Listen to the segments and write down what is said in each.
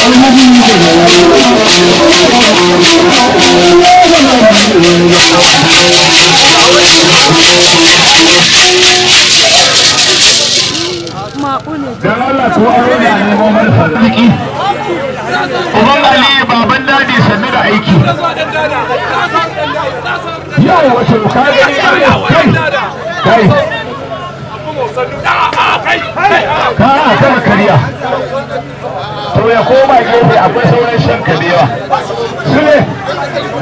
don Allah su aure da ne gomar fasiki uban aliyu baban daji sannu da aiki yau wace ka gani kai kai ka a kama kariya to ya koma gefe akwai sauran shan kabewa sule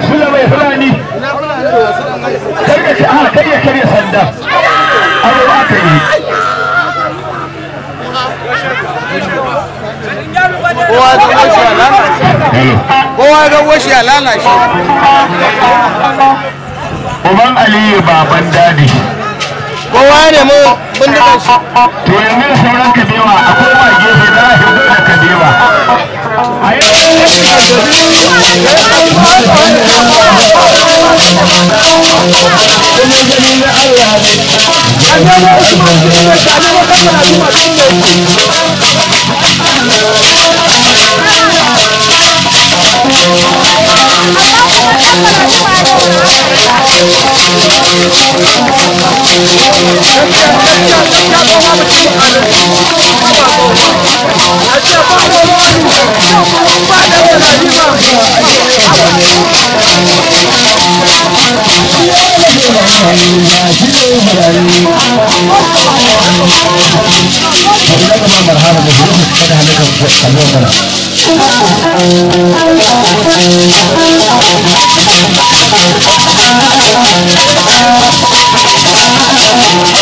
sule mai fulani karkace a kai ah, ya kare sanda abu ba ka yi kowa ga washi a lalace kowa ga washi a lalace uban aliyu baban dadi kowa ne mu bindigar shi to yanzu sauran kabewa Let's go. مرحبا بكم فتح لكم خلونا